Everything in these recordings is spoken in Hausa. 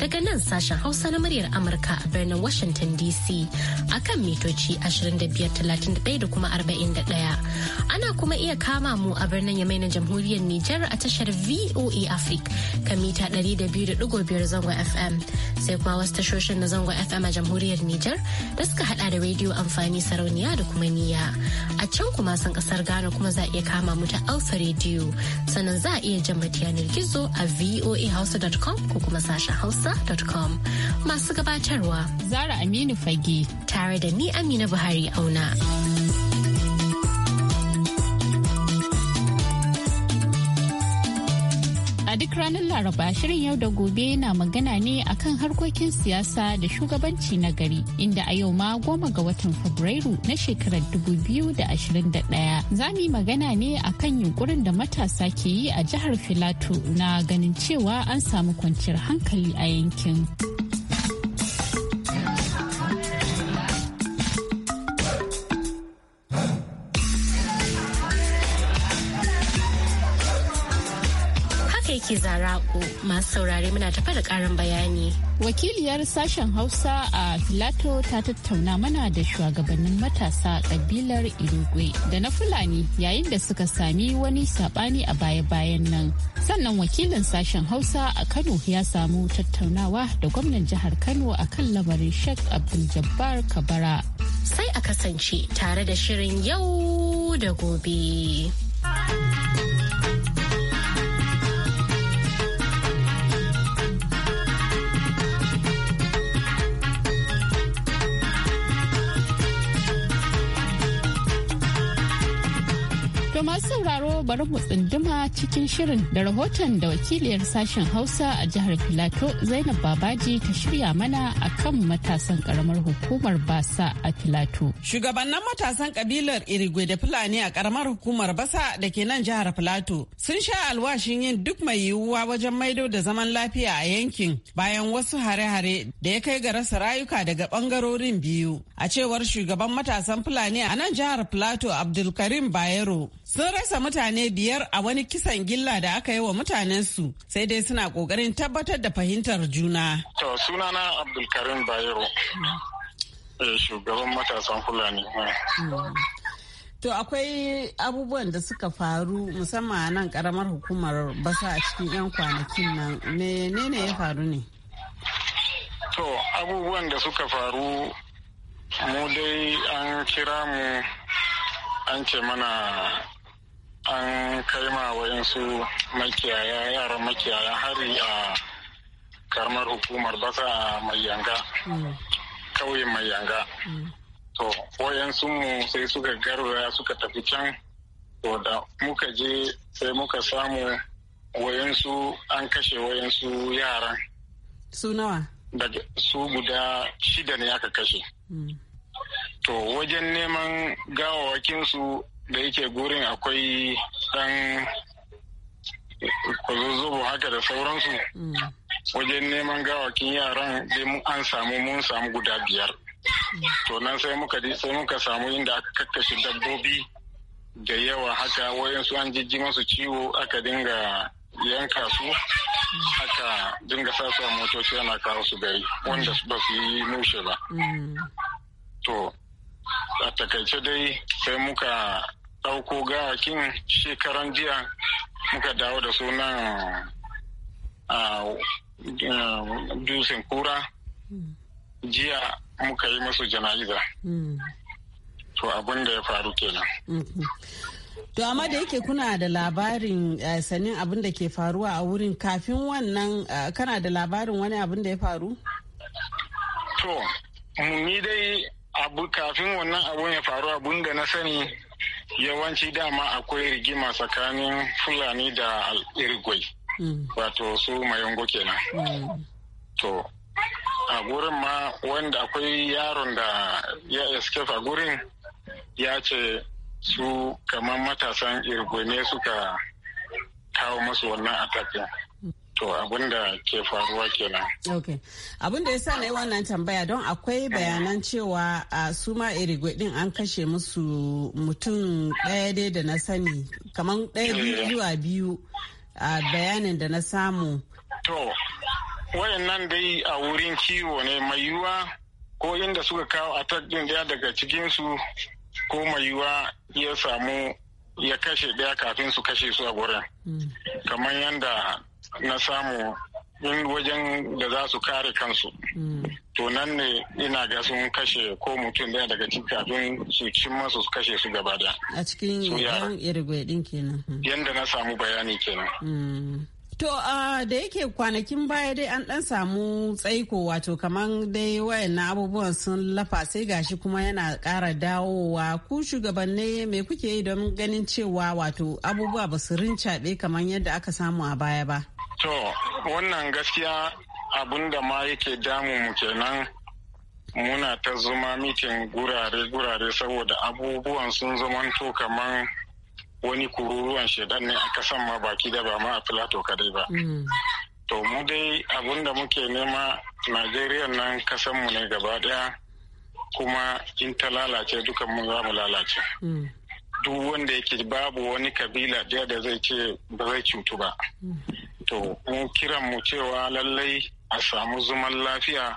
daga nan sashen Hausa na muryar Amurka a birnin Washington DC akan mitoci 2531 da kuma 41. Ana kuma iya kama mu a birnin Yamai na Jamhuriyar Nijar a tashar VOA Africa kan mita 200.5 zangon FM sai kuma wasu tashoshin na zangon FM a Jamhuriyar Nijar da suka hada da rediyo amfani sarauniya da kuma niya. A can kuma san kasar Ghana kuma za a iya kama mu ta Alfa rediyo sannan za a iya jan yanar gizo a voahausa.com ko kuma sashen Hausa hausa.com masu gabatarwa Zara Aminu Fage tare da ni Amina Buhari auna. ranar Laraba shirin yau da gobe na magana ne akan harkokin siyasa da shugabanci na gari inda a yau ma goma ga watan Fabrairu na shekarar 2021 za mu yi magana ne akan yunkurin da matasa ke yi a jihar Filato na ganin cewa an samu kwanciyar hankali a yankin. zara zara'u masu saurare muna tafa da karin bayani. Wakiliyar sashen Hausa a Filato ta tattauna mana da shugabannin matasa kabilar Irigwe da na Fulani yayin da suka sami wani sabani a baya-bayan nan. Sannan wakilin sashen Hausa a Kano ya samu tattaunawa da gwamnan jihar Kano a kan lamarin Sheikh Abdul Jabbar Kabara. Sai a kasance tare da shirin yau da gobe. To masu sauraro bari mu tsinduma cikin shirin da rahoton da wakiliyar sashen Hausa a jihar Filato Zainab Babaji ta shirya mana a kan matasan karamar hukumar Basa a Filato. Shugabannin matasan kabilar Irigwe da Fulani a karamar hukumar Basa da ke nan jihar Filato sun sha alwashin yin duk mai yiwuwa wajen maido da zaman lafiya a yankin bayan wasu hare-hare da ya kai ga rasa rayuka daga bangarorin biyu. A cewar shugaban matasan Fulani a nan jihar Filato Abdulkarim Bayero Sun rasa mutane biyar a wani kisan gilla da aka yi wa su sai dai suna kokarin tabbatar da fahimtar juna. To sunana Abdulkarim Bayero, eh, shugaban matasan Fulani. To akwai abubuwan da suka faru musamman nan karamar hukumar basa a cikin 'yan kwanakin nan menene ya faru ne? To abubuwan da suka faru mu dai an kira mu an ce mana an kai ma wayansu makiyaya yaran makiyaya hari a karamar hukumar basa a mai yanga mm. kauyen mai yanga mm. to mu sai suka garwaya suka tafi can to da muka je sai muka samu wayansu an kashe wayansu yaran su nawa daga su guda shida ne aka kashe mm. to wajen neman gawawakinsu da yake gurin akwai ɗan kwazozobo haka da sauransu mm. wajen neman gawakin yaran dai an samu mun samu guda biyar to nan sai muka sai muka samu inda aka kakkashe dabbobi da yawa haka wayansu an jijji masu ciwo aka dinga yanka su aka dinga sa su a motoci ana kawo su gari wanda ba su yi mushe ba mm. to a takaice dai sai muka ɗauko gawakin shekaran jiya muka dawo da sunan dusin kura jiya muka yi musu jana'iza hmm. to abin da ya faru kenan hmm. to amma da yake kuna da labarin eh, sanin abin da ke faruwa a wurin kafin wannan eh, kana da labarin wani abin da ya faru to ni dai abu kafin wannan abun ya faru abun da na sani yawanci dama akwai rigima tsakanin fulani da irgwai mm. wato su mayungo kenan mm. to a gurin ma wanda akwai yaron da ya escape a gurin ya ce su kamar matasan irgwai ne suka kawo masu wannan atakin to abin da ke faruwa kenan. ok abin da ya sa na yi wannan tambaya don akwai bayanan cewa a su ma irigwe an kashe musu mutum ɗaya dai da na sani kamar ɗaya biyu eh. zuwa biyu a bayanin da na samu to wayannan dai a wurin kiwo ne mai yiwuwa ko inda suka kawo a ɗin daya daga cikinsu ko mai yiwuwa ya samu ya kashe ɗaya kafin su kashe su a wurin hmm. kamar yadda na samu in wajen da za su kare kansu mm. to nan ne ina ga sun kashe ko mutum daya daga cikin kafin su cin masu su kashe su gaba da a cikin yan kenan yadda na samu bayani kenan mm. To uh, da yake kwanakin baya dai an dan samu tsaiko wato kamar dai na abubuwan sun lafa sai gashi kuma yana kara dawowa ku shugabanni me kuke yi don ganin cewa wato abubuwa ba su rincaɓe kamar yadda aka samu a baya ba. To, wannan gaskiya abun da ma yake mu kenan muna ta zuma mitin gurare-gurare saboda abubuwan sun zama to kamar wani kururuwan shaidan ne a kasan ma baki da ba ma a filato kadai ba. Mm. To mu dai abun da muke nema Najeriya nan kasanmu ne gaba daya kuma in ta lalace dukan mun za mu lalace. Mm. Duk wanda yake babu wani kabila daya da zai ce ba zai cutu ba. Mm. to mu kiran mu cewa lallai a samu zuman lafiya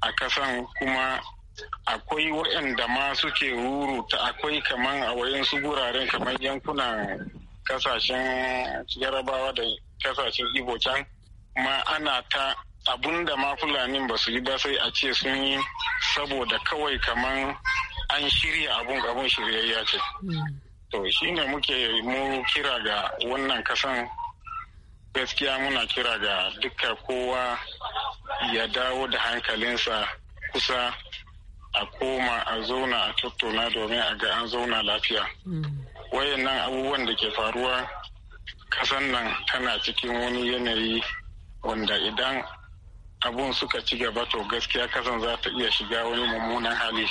a kasan kuma akwai waɗanda ma suke ruruta akwai kaman a wayan su guraren kamar yankunan kasashen yarabawa da kasashen ibo can ma ana ta abunda ma fulanin ba su yi ba sai a ce sun yi saboda kawai kaman an shirya abun abun shiryayya ce hmm. to shine muke mu kira ga wannan kasan gaskiya muna kira ga duka kowa ya dawo da hankalinsa kusa a koma a zauna a tattauna domin a ga an zauna lafiya wayannan abubuwan da ke faruwa kasan nan tana cikin wani yanayi wanda idan abun suka ci gaba to gaskiya kasan za ta iya shiga wani mummunan hali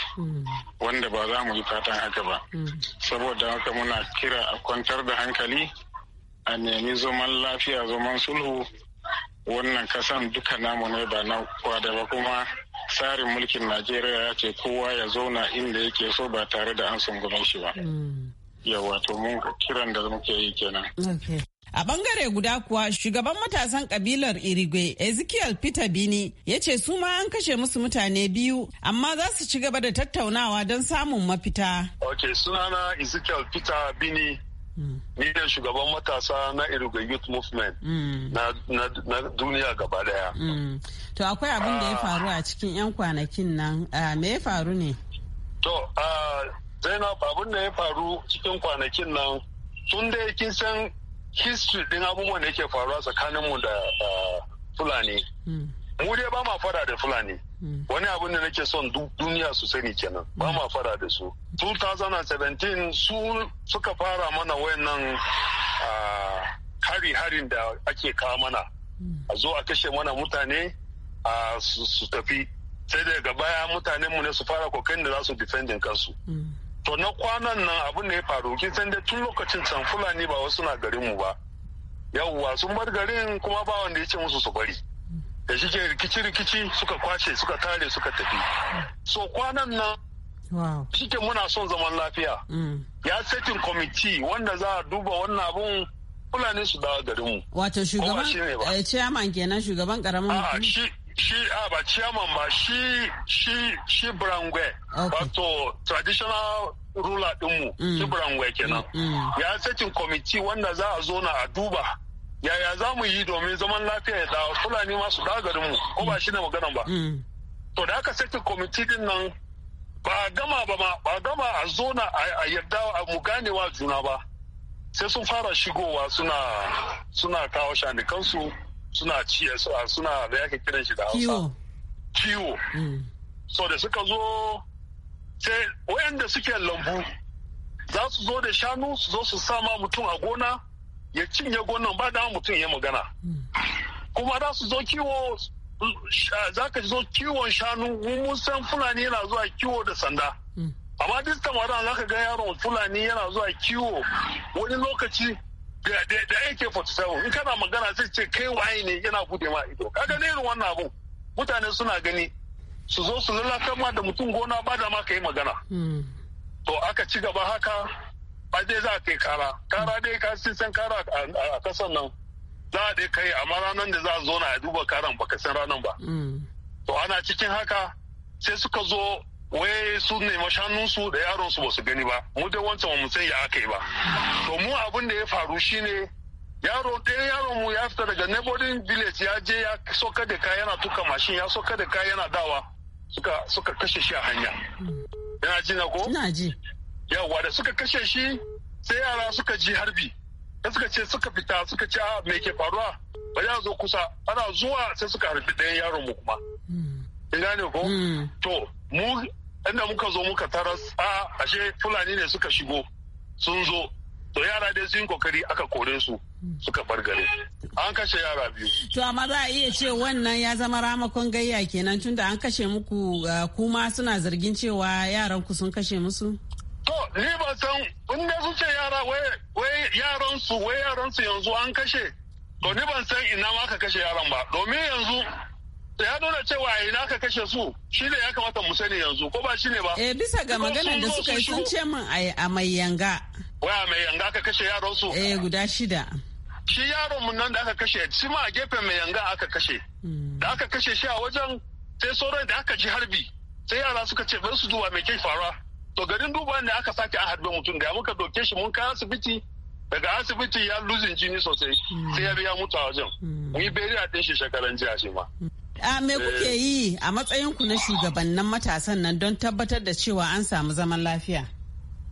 wanda ba za mu yi fatan haka ba mm. saboda haka muna kira a kwantar da hankali a nemi zaman lafiya zaman sulhu wannan kasan duka namu ne ba na kowa da ba kuma tsarin mulkin najeriya ya ce kowa ya zauna inda yake so ba tare da an sungume shi ba yawa to mun kiran da muke yi kenan A bangare guda kuwa shugaban matasan kabilar Irigwe Ezekiel Peter Bini ya ce su ma an kashe musu mutane biyu amma za su ci gaba da tattaunawa don samun mafita. Ok sunana Ezekiel Peter Bini ni ne shugaban matasa na iruga youth movement mm. na duniya gaba daya mm. to akwai abin da ya ah. faru a cikin 'yan kwanakin nan ah, me ya faru ne to ah, zainab abin da ya faru cikin kwanakin nan tun da kin san history din abubuwan da yake faruwa tsakaninmu da fulani mm. mu dai ba ma fada da fulani hmm. wani abin da nake son duniya su sani kenan ba ma fada da su 2017 su suka fara mana wayannan ah, hari-harin da ake kawo mana hmm. a zo a kashe mana mutane a ah, su tafi sai daga baya mutanen mu ne su fara kokarin da za su defendin kansu hmm. to na kwanan nan abin da ya faru kin san dai tun lokacin can fulani ba wasu na garin mu ba yawwa sun bar garin kuma ba wanda ya ce musu su bari da shi rikici-rikici suka kwace suka tare suka tafi so kwanan nan wow. shi ke muna son zaman lafiya mm. ya setin kwamiti wanda za a duba wannan abun fulani su dawo mu. wato shugaban eh, chairman ciyaman kenan shugaban karamin shi shi a ba ciyaman ba shi shi shi brangwe wato traditional ruler dinmu shi mm. brangwe kenan mm, ya setin kwamiti wanda za a zo na a duba yaya za mu yi domin zaman lafiya ya dawo fulani masu dagarin mu ko ba shi ne magana ba mm. to da aka saki kwamiti din nan ba gama ba ma ba gama a zona a yarda a mu ganewa juna ba sai sun fara shigowa suna suna kawo shanikansu suna ciye suna da yake kiran shi da hausa kiwo mm. so da suka zo sai wayanda suke lambu za su zo da shanu su zo su sama mutum a gona ya cinye gonan ba da mutum ya magana kuma za su zo kiwo za ka zo kiwon shanu mun san fulani yana zuwa kiwo da sanda amma duk tamarin za ka ga yaron fulani yana zuwa kiwo wani lokaci da yake 47 in kana magana zai ce kai waye ne yana bude ma ido kaga ne irin wannan abu mutane suna gani su zo su lalatar ma da mutum gona ba da ma ka yi magana hmm. to aka ci gaba haka ba za a kai kara kara dai ka san kara a kasan nan za a dai kai amma ranar da za a zo na a duba karan baka san ranar ba mm. to ana cikin haka sai suka zo wai su nema su da yaron su su gani ba mu dai wancan mu san ya aka yi ba to mu abin da ya faru shine yaro ɗaya yaron mu ya fita daga neighboring village ya je ya soka da kaya yana tuka mashin ya soka da kaya yana dawa suka kashe shi a hanya mm. yana ji na ko ina ji yawa da suka kashe shi sai yara suka ji harbi da suka ce suka fita suka ce ah, me ke faruwa ba ya zo kusa ana zuwa sai suka harbi ɗayan yaron mu kuma ina ne ko hmm. to mu inda muka zo muka tara a ah, ashe fulani ne suka shigo sun zo to yara dai sun kokari aka kore su suka bar gare an kashe yara biyu to amma za a iya ce wannan ya zama ramakon gayya kenan tunda an kashe muku ah, kuma suna zargin cewa yaran ku sun kashe musu To, ni ba san in da su ce yara wai yaran su wai yaran su yanzu an kashe. To ni ban san ina ma ka kashe yaran ba. Domin yanzu ya nuna cewa a ina ka kashe su shi ne ya kamata mu sani yanzu ko ba shi ne ba. Eh bisa ga maganar da suka yi sun ce min a mai yanga. Wai a mai yanga ka kashe yaran su. Eh guda shida. Shi yaron mun nan da aka kashe shi ma a gefen mai yanga aka kashe. Hmm. Da aka kashe shi a wajen sai sauran da aka ji harbi sai yara suka ce bari su duba mai ke fara. to garin duba ne aka sake a harbe mutum da muka doke shi mun kai asibiti daga asibiti ya luzin jini sosai sai ya biya mutu a wajen mun yi a ɗin shi shekaran jiya shi ma a me kuke eh. yi a matsayin ku na shugabannin matasan nan don tabbatar da cewa an samu zaman lafiya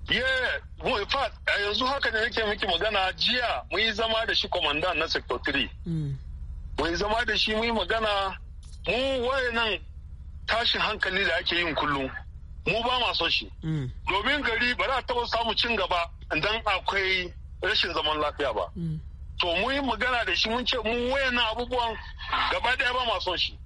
yeah in fact a yanzu haka ne yake miki magana jiya mun yi zama da shi kwamandan na sector 3 hmm. mun yi zama da shi mun yi magana mu waye nan tashin hankali da ake yin kullum mu ba ma son shi mm. domin gari ba za a taɓa samu cin gaba idan akwai rashin zaman lafiya ba mm. to mu yi magana da shi mun ce mu wayannan abubuwan gaba ɗaya ba ma son shi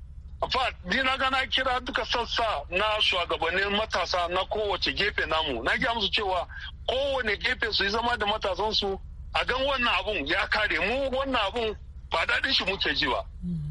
fa ni na gana kira duka sassa na shugabannin matasa na kowace gefe namu na gaya musu cewa kowane gefe su yi zama da matasansu a gan wannan abun ya kare mu wannan abun ba daɗin shi muke ji ba mm.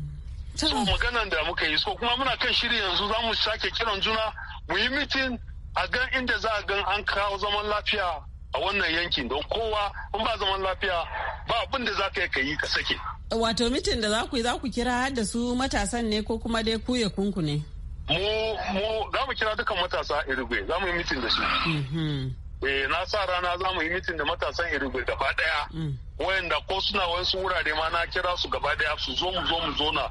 so maganan da muka yi so kuma muna kan shiri yanzu za mu sake kiran juna mu yi mitin a gan inda za a gan an kawo zaman lafiya a wannan yankin don kowa in ba zaman lafiya ba abin da za ka yi ka yi ka sake. Wato mitin da za ku yi za ku kira da su matasan ne ko kuma dai ku ya kunku ne? Mu mu za mu kira dukan matasa Irigwe za mu yi mitin da su. Mm-hmm. Eh na sa rana za mu yi mitin da matasan Irigwe gaba daya. Mm. wayanda ko suna wasu wurare ma na kira su gaba daya su zo mu zo mu zona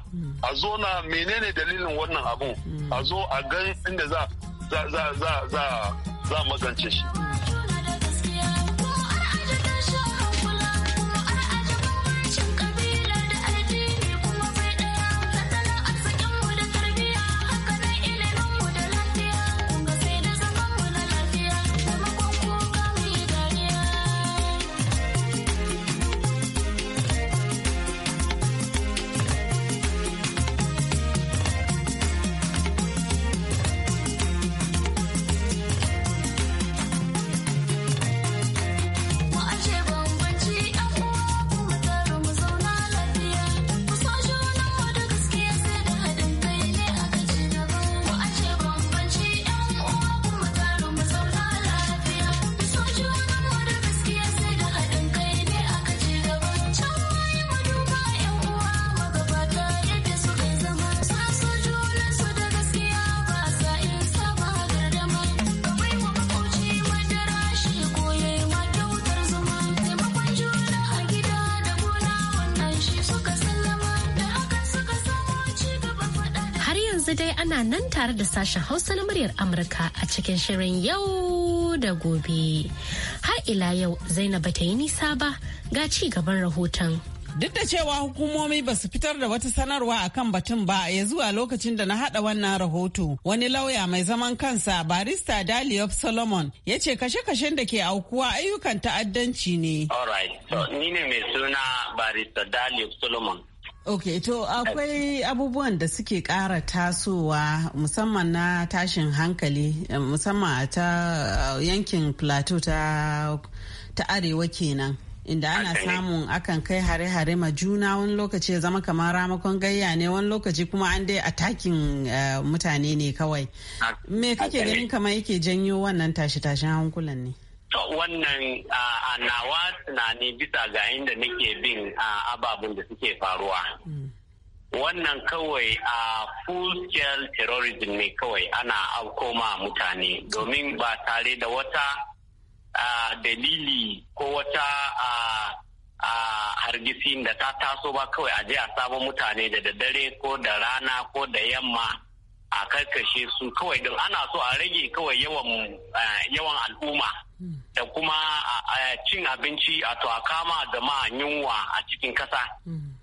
a zona menene dalilin wannan abun a zo a gan inda za za za za za magance shi. nan tare da sashen Hausa na muryar Amurka a cikin shirin yau da gobe. Har ila yau Zainab ta yi nisa ba ga ci gaban rahoton. Duk da cewa hukumomi ba su fitar da wata sanarwa a kan batun ba ya zuwa lokacin da na hada wannan rahoto. Wani lauya mai zaman kansa barista Daliop Solomon ya ce kashe-kashen da ke aukuwa ayyukan ta'addanci ne. Alright, so ni ne mai suna barista Daliop Solomon. ok to akwai abubuwan da suke kara tasowa musamman na tashin hankali musamman ta uh, yankin plateau ta arewa kenan inda ana samun akan kai hare-hare ma juna wani lokaci ya zama kamar ramakon gayya ne wani lokaci kuma an dai atakin uh, mutane ne kawai me kake ganin kamar yake janyo wannan tashi-tashin hankulan ne wannan a nawa tunani bisa ga inda nake bin ababun da suke faruwa wannan kawai a full scale terrorism ne kawai ana ma mutane domin ba tare da wata dalili ko wata hargisi da ta taso ba kawai a je a sabon mutane da daddare ko da rana ko da yamma a karkashe su kawai don ana so a rage kawai yawan yawan al'umma da kuma cin abinci a to a kama ma yunwa a cikin kasa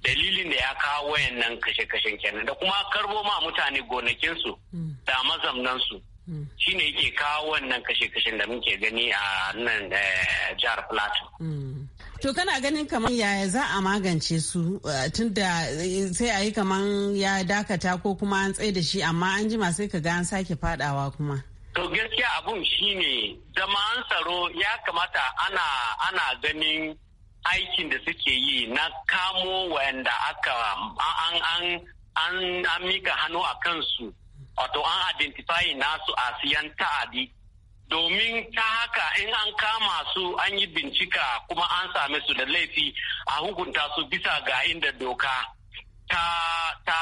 dalilin da ya kawo wayannan kashe-kashen kenan da kuma karbo ma mutane gonakinsu da mazamnansu shi ne yake kawo wannan kashe-kashen da muke gani a nan eh, jihar plateau To kana ganin kamar yaya za a magance su eh, tunda eh, sai a yi kamar ya dakata ko kuma an tsaye da shi amma an jima sai ka an sake fadawa kuma. To gaskiya abun shine jama'an tsaro ya kamata ana ana ganin aikin da suke yi na kamo wayanda aka an an an, mika hannu a kansu wato an identify nasu a siyan ta'adi domin ta haka in an kama su an yi bincika kuma an same su da laifi a hukunta su bisa ga inda doka ta ta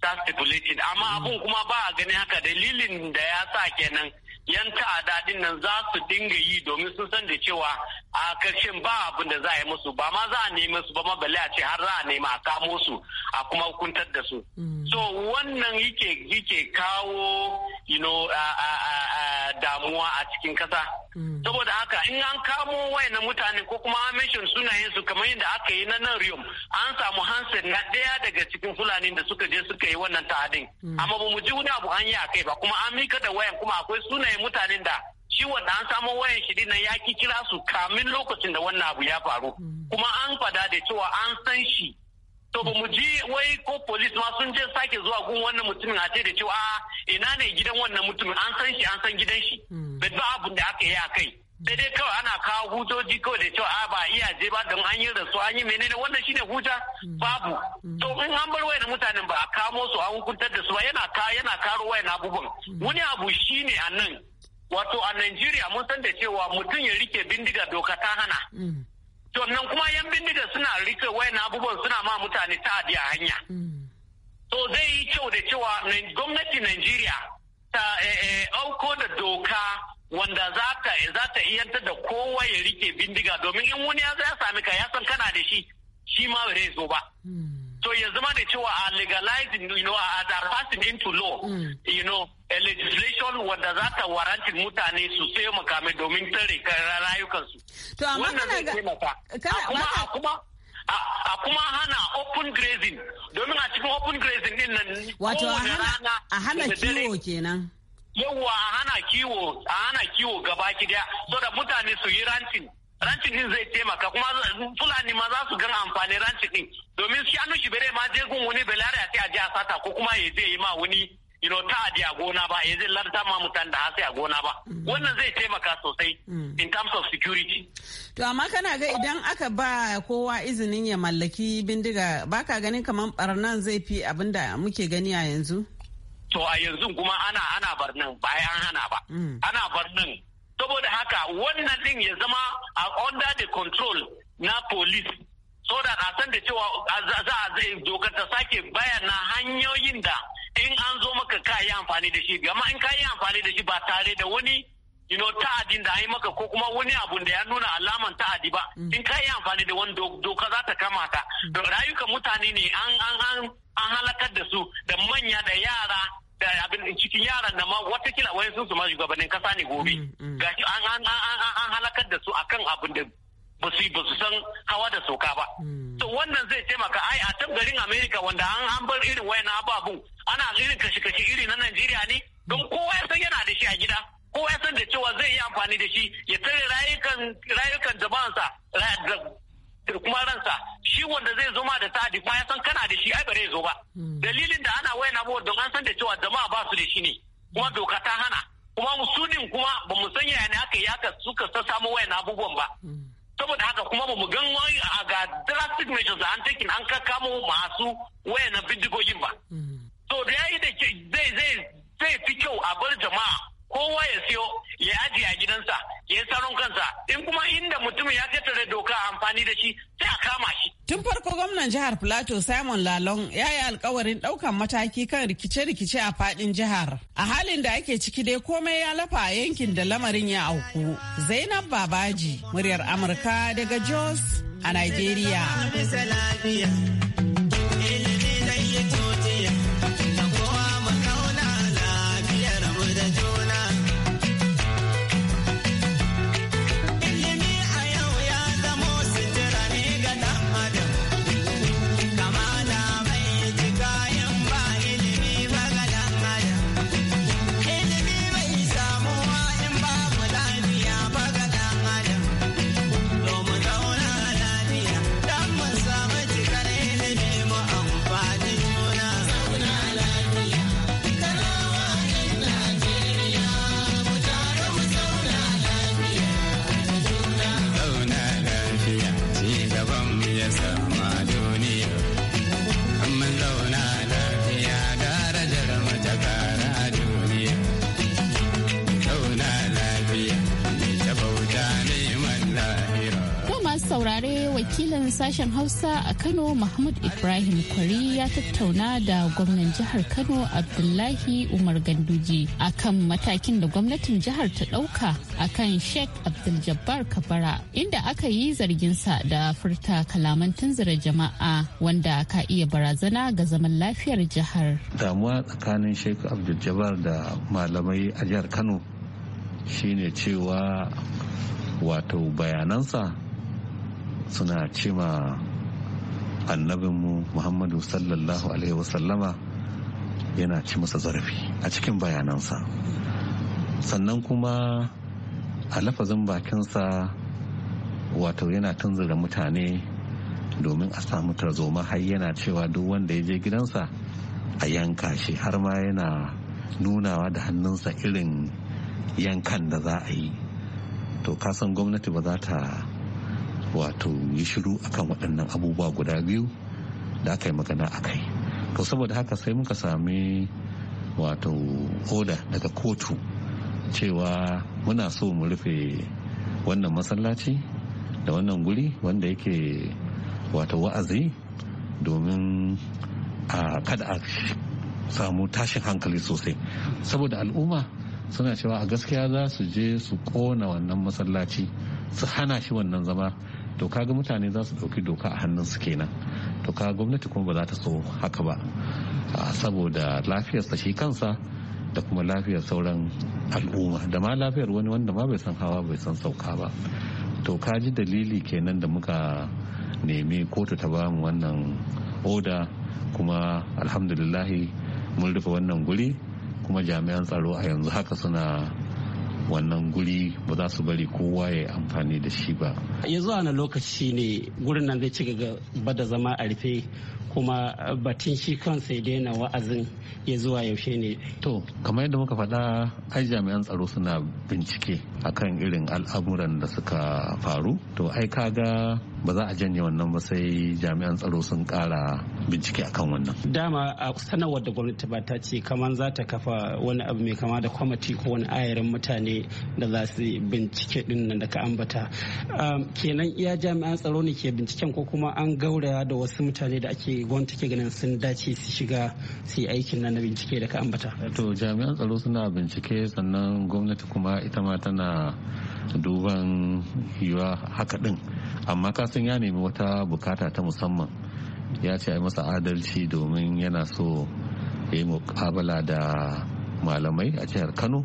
ta stipulated amma mm. abun kuma ba a gani haka dalilin da ya sa kenan yan ta'ada din nan za su dinga yi domin sun san da cewa a karshen ba abin da za a yi musu ba ma za a nemi su ba ma bale a ce har za a nema a kamo su a kuma hukuntar da su mm. so wannan yake yake kawo you know, damuwa a cikin kasa. Mm. Saboda haka in an kamo na mutane ko kuma an mention sunayen su kamar yadda aka yi na nan Riyom an samu Hansen na ɗaya daga cikin Fulani da suka je suka yi wannan ta'adin. Mm. Amma ba mu ji wani abu an yi a kai ba kuma an mika da wayan kuma akwai sunayen mutanen da shi wanda an samo wayan shi dinnan ya ki kira su kamin lokacin da wannan abu ya faru. Mm. Kuma an fada da cewa an san shi to ba mu ji wai ko police ma sun je sake zuwa gun wannan mutumin a da cewa ah, ina ne gidan wannan mutumin an san shi an san gidan shi hmm. bai ba abin da aka yi a kai sai dai kawai ana kawo hujoji kawai da cewa ah, ba iya je ba don an yi rasu an yi menene wannan shine huja hmm. babu hmm. to in an bar wayan mutanen ba a kamo su an hukuntar da su ba yana ka yana karo wayan abubuwan wani abu shine a nan wato a Najeriya mun san da cewa mutum ya rike bindiga doka ta hana nan kuma yan bindiga suna rike wayan abubuwan suna ma mutane ta a hanya to zai yi kyau da cewa gwamnati Najeriya ta eh, eh, auko da doka wanda za ta za iyanta da kowa ya rike bindiga domin in wani ya sami ka ya san kana da shi shi ma bai zo ba So ya zama da cewa a legalizing, you know, a passing into law, mm. you know, a legislation wanda za ta warantin mutane su sai makame domin tare rayukansu. To amma kana ga kuma a kuma hana open grazing domin a cikin open grazing din nan wato a hana kiwo kenan. Yawwa a hana kiwo a hana kiwo gaba gida so da mutane su yi rantin. ranci din zai taimaka kuma fulani ma za su gan amfani ranci din domin shi shi bare ma je gun wani belare a sai a ji a sata ko kuma ya je yi ma wani ino ta a gona ba ya zai larta ma mutan da hasi a gona ba mm. wannan zai taimaka sosai mm. in terms of security to amma kana ga idan aka ba kowa izinin ya mallaki bindiga baka ganin kamar barnan zai fi abinda muke gani a yanzu to a yanzu kuma ana ana barnan bayan hana ba mm. ana barnan saboda haka wannan din ya zama a uh, under the control na police so da a san da cewa za a zai dokar ta sake bayana hanyoyin da in an zo maka ka yi amfani da shi gama in ka amfani da shi ba tare da wani you know, ta'adin da an yi maka ko kuma wani abu da ya nuna alaman ta'adi ba mm. in ka yi amfani da wani doka za ta kama ka mm. rayukan mutane ne an an an halakar da su da manya da yara abin cikin yaran da ma watakila wani sun su ma shugabannin kasa ne gobe mm, mm. gashi an halakar da su akan abin da ba su ba su san hawa da soka ba mm. to wannan zai taimaka ai a can garin America wanda an an bar irin wayannan ababun ana irin kashi-kashi iri na Najeriya ne don kowa ya san yana da shi a gida kowa ya san da cewa zai yi amfani da shi ya tare rayukan rayukan jama'ansa da kuma ransa shi wanda zai zo ma da sa'adi kuma ya san kana da shi ai ba zai zo ba hmm. dalilin da ana wayan abubuwa don an san da cewa jama'a ba su da shi ne kuma doka ta hana kuma musulmin kuma ba mu san yaya ne aka yi aka suka samu wayan abubuwan ba hmm. saboda haka kuma ba mu gan wani a ga drastic measures an takin an kakamo masu wayan bindigogin ba hmm. so da yi da zai zai fi kyau a bar jama'a kowa ya siyo ya ajiye a gidansa ya yi kansa in kuma inda mutum ya tattare doka amfani da shi sai a kama shi. Tun farko gwamnan jihar Plateau Simon lalon ya yi alkawarin ɗaukan mataki kan rikice-rikice a fadin jihar. A halin da ake ciki dai komai ya lafa a yankin da lamarin ya auku. Zainab Babaji, muryar Amurka daga Jos a Nigeria. saurare wakilin sashen Hausa a Kano Mahmud Ibrahim Kwari ya tattauna da gwamnan jihar Kano Abdullahi Umar Ganduje akan matakin da gwamnatin jihar ta ɗauka akan Sheikh Abdul Jabbar Kabara inda aka yi zarginsa da furta kalaman tunzura jama'a wanda ka iya barazana ga zaman lafiyar jihar. Damuwa tsakanin Sheikh Abdul Jabbar da malamai a jihar Kano shine cewa wato bayanansa suna cima annabinmu muhammadu sallallahu alaihi wasallama yana ci masa zarafi a cikin bayanansa sannan kuma a lafazin bakinsa wato yana tunzura mutane domin a samu tarzoma har yana cewa duk wanda ya je gidansa a yanka shi har ma yana nunawa da hannunsa irin yankan da za a yi to kasan gwamnati ba za ta wato yi shiru akan waɗannan abubuwa guda biyu da aka yi magana a kai to saboda haka sai muka sami wato oda daga kotu cewa muna so mu rufe wannan masallaci da wannan guri wanda yake wato wa'azi domin a kada a samu tashin hankali sosai saboda al'umma suna cewa a gaskiya za su je su kona wannan masallaci su hana shi wannan zama to kaga mutane za su ɗauki doka a hannun su kenan to kaga gwamnati kuma ba za ta so haka ba saboda lafiyarsa shi kansa da kuma lafiyar sauran al'umma da ma lafiyar wani wanda ma bai san hawa bai san sauka ba to ka ji dalili kenan da muka nemi kotu ta bamu wannan oda kuma alhamdulillahi mun rufe wannan guri kuma jami'an tsaro a yanzu haka suna wannan guri ba za su bari kowa ya amfani da shi ba yanzu a lokaci ne gurin nan zai ci gaba da zama a rufe kuma batun shi kansa ya daina wa'azin ya zuwa yaushe ne. To, kamar yadda muka faɗa ai jami'an tsaro suna bincike akan irin al'amuran da suka faru. To, ai kaga ba za a janye wannan ba sai jami'an tsaro sun kara bincike akan wannan dama a sanarwar da gwamnati ba ta ce kamar za ta kafa wani abu mai kama da kwamiti ko wani ayarin mutane da za su bincike din da ka ambata kenan iya jami'an tsaro ne ke binciken ko kuma an gauraya da wasu mutane da ake gwamnati ke ganin sun dace su shiga su yi aikin nan na bincike da ka ambata to jami'an tsaro suna bincike sannan gwamnati kuma ita ma tana duban yiwa haka din amma kasan ya nemi wata bukata ta musamman ya ce a yi masa adalci domin yana so ya yi mukabala da malamai a jihar kano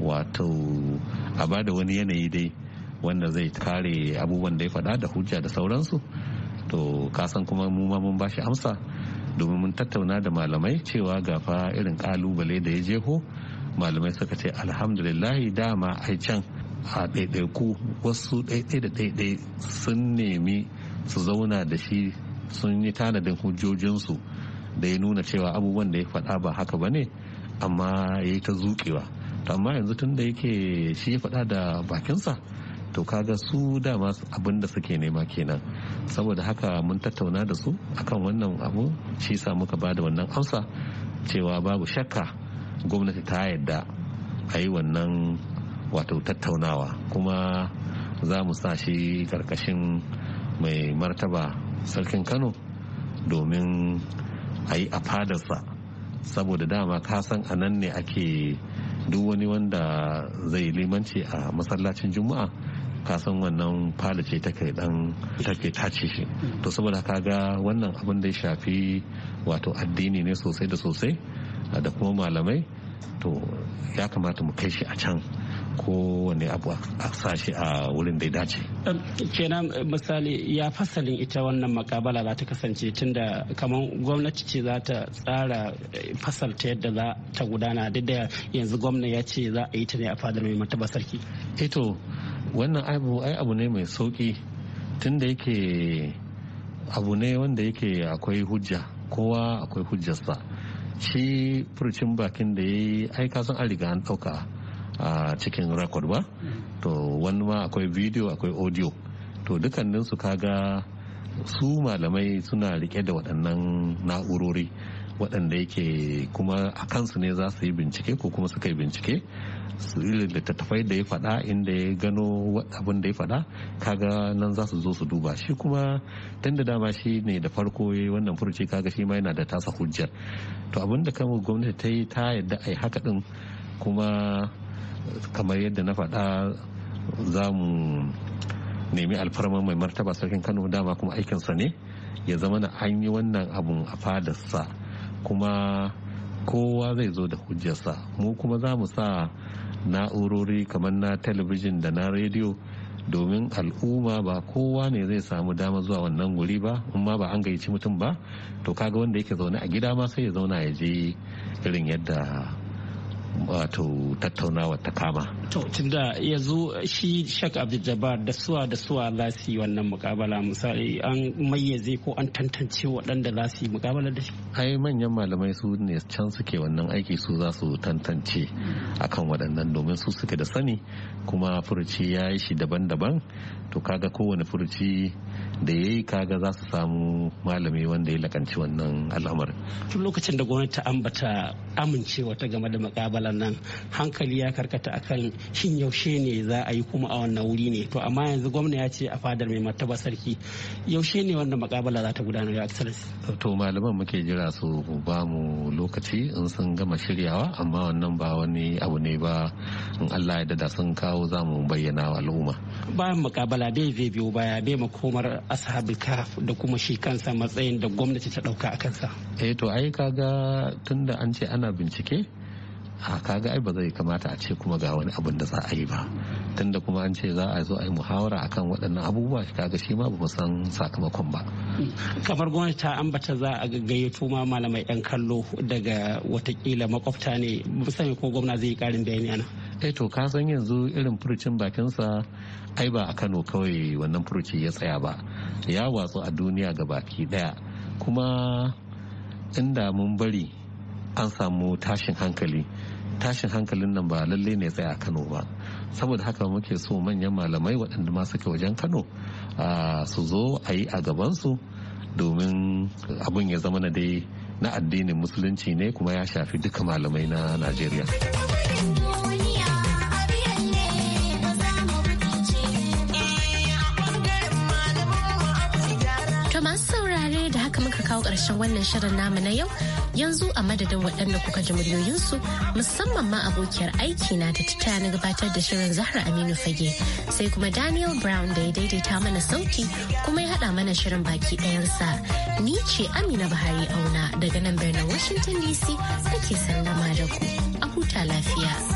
wato a ba da wani yanayi dai wanda zai kare abubuwan da ya faɗa da hujja da sauransu to kasan kuma mu ma mun bashi amsa domin mun tattauna da malamai cewa gafa irin kalubale da ya jeho malamai suka ce alhamdulillahi dama ai can a ɗaiɗaiku wasu ɗaiɗai da ɗaiɗai sun nemi su zauna da shi sun yi tanadin hujjojinsu da ya nuna cewa abubuwan da ya faɗa ba haka ba ne amma ya yi ta zuƙewa amma yanzu tun da yake shi ya faɗa da bakinsa to kaga su dama abin da suke nema kenan saboda haka mun tattauna da su akan wannan abu shi sa muka ba da wannan amsa cewa babu shakka gwamnati ta yadda a yi wannan wato tattaunawa kuma za mu sa shi karkashin mai martaba sarkin kano domin a yi a fadarsa saboda dama san a nan ne ake duk wani wanda zai limanci a masallacin juma'a ka san wannan fada ce kai dan take tace shi to saboda ka ga wannan abin da ya shafi wato addini ne sosai da sosai da kuma malamai to ya kamata mu kai shi a can Ko wani abu a sashi a wurin da ya dace. kenan misali ya fasalin ita wannan makabala za ta kasance tun da kamar gwamnati ce za ta tsara eh, fasalta yadda za ta gudana duk da yanzu gwamna ya ce za a yi ta ne a fadar mai martaba sarki. eto eh wannan abu ai abu ne mai sauki da yake abu ne wanda yake akwai hujja kowa akwai hujjarsa shi furcin bakin da ya yi aika sun an riga an ɗauka a cikin record ba to wani ma akwai video akwai audio to dukkaninsu kaga su malamai suna rike da waɗannan na'urori waɗanda yake kuma a kansu ne za su yi bincike ko kuma suka yi bincike su littattafai da ya faɗa inda ya gano abin da ya faɗa kaga nan za su zo su duba shi kuma tun da dama shi ne da farko ya wannan furuci kaga shi ma yana da tasa hujjar to abin da kama gwamnati ta yi ta yadda a yi haka din kuma kamar yadda na faɗa za mu nemi alfarma mai martaba sarkin kano dama kuma aikinsa ne ya zama na an yi wannan abun a fadarsa kuma kowa zai zo da hujjarsa mu kuma za mu sa na'urori kamar na talabijin da na rediyo domin al'umma ba kowa ne zai samu dama zuwa wannan guri ba in ma ba an gayyaci mutum ba to kaga wanda yake zaune a gida ma sai ya zauna ya je irin yadda wato tattaunawa ta kama to tunda yanzu shi Sheikh abdul da suwa da suwa yi wannan mukabala misali an mayyaze ko an tantance waɗanda yi mukabala da shi ai manyan malamai su ne can suke wannan aiki su za su tantance akan waɗannan domin su suke da sani kuma furuci ya yi shi daban-daban to kaga kowane furuci da ya yi kaga za su samu malami wanda ya lakanci wannan al'amarin. tun lokacin da gwamnati ta ambata amincewa ta game da makabalan nan hankali ya karkata akan shin yaushe ne za a yi kuma a wannan wuri ne to amma yanzu gwamna ya ce a fadar mai martaba sarki yaushe ne wannan makabala za ta gudanar ya excellency. to malaman muke jira su ba mu lokaci in sun gama shiryawa amma wannan ba wani abu ne ba in Allah ya dada sun kawo za mu bayyana wa al'umma. bayan makabala bai zai biyo baya bai makomar ashabul kaf da kuma shi kansa matsayin da gwamnati ta dauka a kansa eh to ai kaga tunda an ce ana bincike a kaga ai ba zai kamata a ce kuma ga wani abin da za a yi ba tunda kuma an ce za a zo a yi muhawara akan waɗannan abubuwa shi kaga shi ma ba san sakamakon ba kamar gwamnati ta ambata za a gayyato ma malamai yan kallo daga watakila makwabta ne musamman ko gwamna zai yi karin bayani ana eh to ka san yanzu irin furucin bakinsa ai ba a kano kawai wannan furuci ya tsaya ba ya watsu a duniya gabaki baki daya kuma inda mun bari an samu tashin hankali tashin hankalin nan ba lallai ne tsaya a kano ba saboda haka muke so manyan malamai waɗanda ma suke wajen kano su zo a yi a gabansu domin abin ya zama na dai na addinin musulunci ne kuma ya shafi duka malamai na najeriya masu saurare da haka muka kawo ƙarshen wannan shirin namu na yau yanzu a madadin waɗanda kuka ji muryoyinsu musamman ma abokiyar aiki na da tita na gabatar da shirin zahra aminu fage sai kuma daniel brown da ya daidaita mana sauti kuma ya haɗa mana shirin baki ɗayansa ni ce amina bahari auna daga nan birnin washington dc ake sallama da ku a huta lafiya.